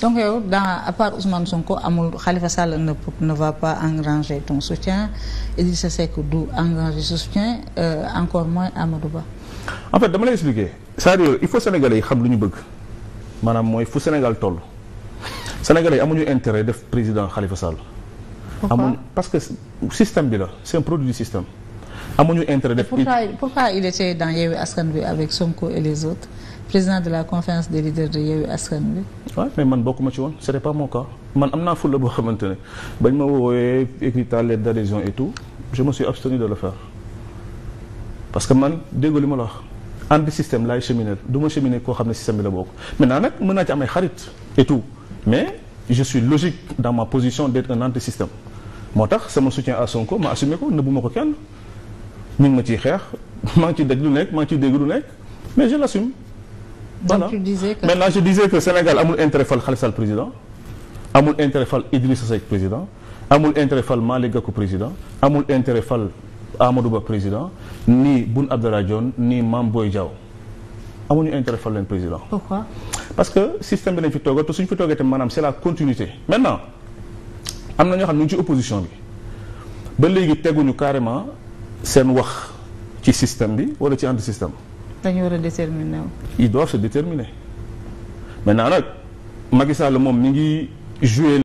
donc yow dans à part Ousmane Sonko amul Khalifa Sall ne ne va pas engranger ton soutien Idrissa Seck du engranger son soutien euh, encore moins Amadou Ba. en fait dama la expliquer cest à il faut Sénégalais yi xam lu ñu bëgg maanaam mooy fu Sénégal toll Sénégalais yi amuñu intérêt def président Khalifa Sall. amuñu parce que système bi la c'est un produit du système. amuñu intérêt def. pourquoi pourquoi il était dans Yewwi Askan Wi avec Sonko et les autres de la conférence des leaders de Yewwi Askan Wi. waaw mais man bokkuma ci woon c'était pas mon cas man am naa fulla boo xamante ne bañ ma woowee écrit ta lettre d'adhésion et tout je me suis abstenu de le faire parce que man dégg li ma la wax anti système la cheminer du ma cheminer koo xam ne système bi la bokk maintenant nag mën naa ci am ay xarit et tout mais je suis logique dans ma position d'être un anti moo tax sama soutien à Sonko ma assumé ko nëbbu ma ko kenn. ñu ngi ma ciy xeex maa ngi ciy daj lu nekk maa ngi ciy dégg lu nekk mais je l'assume voilà maintenant je disais que Sénégal amul intérêt fal Khalifa Sall président amul intérêt fal Idrissa Seck président amul intérêt fal Malick Gakou président amul intérêt fal Amadou Ba président ni Boun Abdallah Dionne ni Mame Boye Diao amuñu intérêt fal leen président. pourquoi. parce que système bi lañ fi toogal te suñ fi toogee te maanaam c'est la continuité maintenant am na ñoo xam ne ñu ci opposition bi ba léegi teguñu carrément. seen wax ci système bi wala ci anti système. dañu war a déterminer ils doivent se déterminer maintenant nag Macky Sall moom mi ngi jouer.